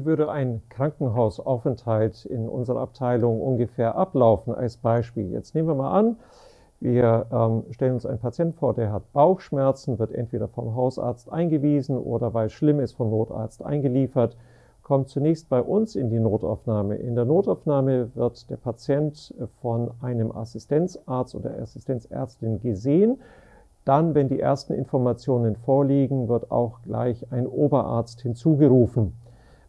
wie würde ein Krankenhausaufenthalt in unserer Abteilung ungefähr ablaufen als Beispiel? Jetzt nehmen wir mal an, wir ähm, stellen uns einen Patienten vor, der hat Bauchschmerzen, wird entweder vom Hausarzt eingewiesen oder weil es schlimm ist, vom Notarzt eingeliefert, kommt zunächst bei uns in die Notaufnahme. In der Notaufnahme wird der Patient von einem Assistenzarzt oder Assistenzärztin gesehen. Dann, wenn die ersten Informationen vorliegen, wird auch gleich ein Oberarzt hinzugerufen.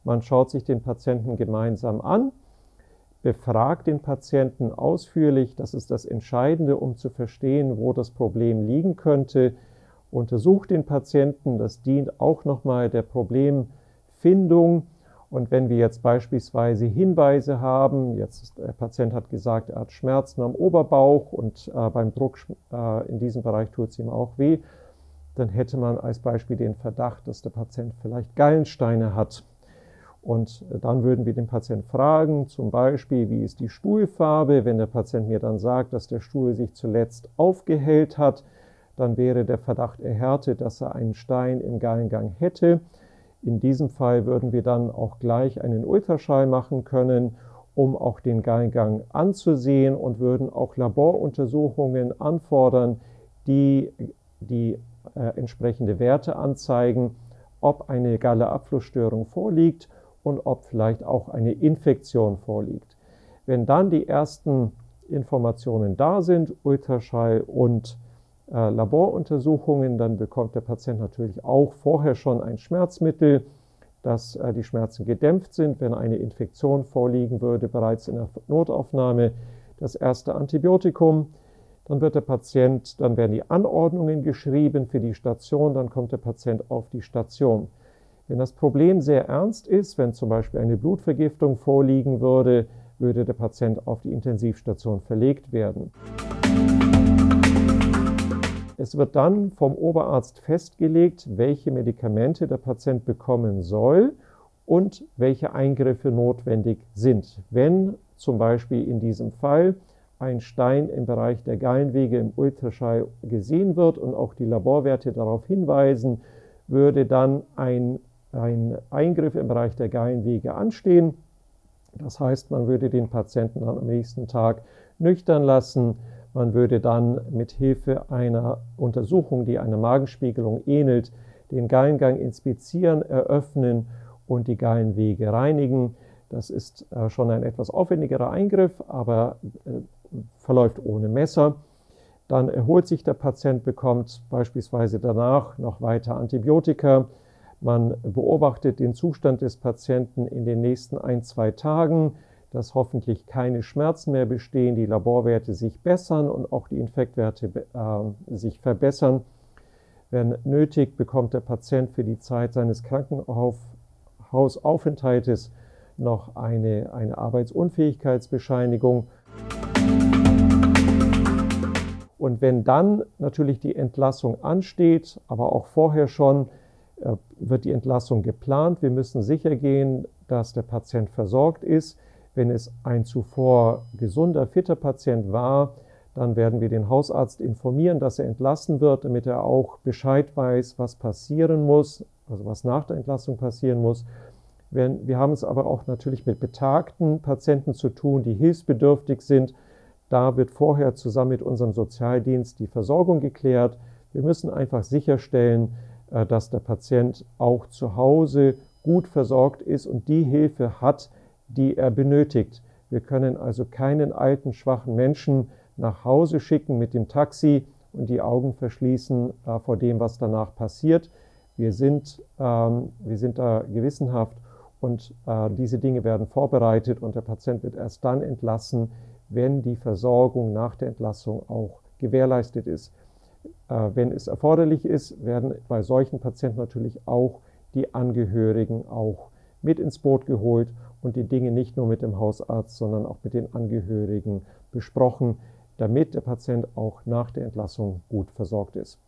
Man schaut sich den Patienten gemeinsam an, befragt den Patienten ausführlich, das ist das Entscheidende, um zu verstehen, wo das Problem liegen könnte, untersucht den Patienten, das dient auch nochmal der Problemfindung. Und wenn wir jetzt beispielsweise Hinweise haben, jetzt der Patient hat gesagt, er hat Schmerzen am Oberbauch und äh, beim Druck äh, in diesem Bereich tut es ihm auch weh, dann hätte man als Beispiel den Verdacht, dass der Patient vielleicht Gallensteine hat. Und dann würden wir den Patienten fragen, zum Beispiel, wie ist die Stuhlfarbe? Wenn der Patient mir dann sagt, dass der Stuhl sich zuletzt aufgehellt hat, dann wäre der Verdacht erhärtet, dass er einen Stein im Gallengang hätte. In diesem Fall würden wir dann auch gleich einen Ultraschall machen können, um auch den Gallengang anzusehen und würden auch Laboruntersuchungen anfordern, die die äh, entsprechende Werte anzeigen, ob eine Galleabflussstörung vorliegt und ob vielleicht auch eine Infektion vorliegt. Wenn dann die ersten Informationen da sind, Ultraschall und äh, Laboruntersuchungen, dann bekommt der Patient natürlich auch vorher schon ein Schmerzmittel, dass äh, die Schmerzen gedämpft sind, wenn eine Infektion vorliegen würde, bereits in der Notaufnahme das erste Antibiotikum. Dann wird der Patient, dann werden die Anordnungen geschrieben für die Station, dann kommt der Patient auf die Station. Wenn das Problem sehr ernst ist, wenn zum Beispiel eine Blutvergiftung vorliegen würde, würde der Patient auf die Intensivstation verlegt werden. Es wird dann vom Oberarzt festgelegt, welche Medikamente der Patient bekommen soll und welche Eingriffe notwendig sind. Wenn zum Beispiel in diesem Fall ein Stein im Bereich der Gallenwege im Ultraschall gesehen wird und auch die Laborwerte darauf hinweisen, würde dann ein ein Eingriff im Bereich der Gallenwege anstehen. Das heißt, man würde den Patienten dann am nächsten Tag nüchtern lassen. Man würde dann mit Hilfe einer Untersuchung, die einer Magenspiegelung ähnelt, den Gallengang inspizieren, eröffnen und die Gallenwege reinigen. Das ist äh, schon ein etwas aufwendigerer Eingriff, aber äh, verläuft ohne Messer. Dann erholt sich der Patient, bekommt beispielsweise danach noch weiter Antibiotika, man beobachtet den Zustand des Patienten in den nächsten ein, zwei Tagen, dass hoffentlich keine Schmerzen mehr bestehen, die Laborwerte sich bessern und auch die Infektwerte äh, sich verbessern. Wenn nötig, bekommt der Patient für die Zeit seines Krankenhausaufenthaltes noch eine, eine Arbeitsunfähigkeitsbescheinigung. Und wenn dann natürlich die Entlassung ansteht, aber auch vorher schon, äh, wird die Entlassung geplant. Wir müssen sicher gehen, dass der Patient versorgt ist. Wenn es ein zuvor gesunder, fitter Patient war, dann werden wir den Hausarzt informieren, dass er entlassen wird, damit er auch Bescheid weiß, was passieren muss, also was nach der Entlassung passieren muss. Wir haben es aber auch natürlich mit betagten Patienten zu tun, die hilfsbedürftig sind. Da wird vorher zusammen mit unserem Sozialdienst die Versorgung geklärt. Wir müssen einfach sicherstellen, äh, dass der Patient auch zu Hause gut versorgt ist und die Hilfe hat, die er benötigt. Wir können also keinen alten, schwachen Menschen nach Hause schicken mit dem Taxi und die Augen verschließen äh, vor dem, was danach passiert. Wir sind, ähm, wir sind da gewissenhaft und äh, diese Dinge werden vorbereitet und der Patient wird erst dann entlassen, wenn die Versorgung nach der Entlassung auch gewährleistet ist. Äh, wenn es erforderlich ist, werden bei solchen Patienten natürlich auch die Angehörigen auch mit ins Boot geholt und die Dinge nicht nur mit dem Hausarzt, sondern auch mit den Angehörigen besprochen, damit der Patient auch nach der Entlassung gut versorgt ist.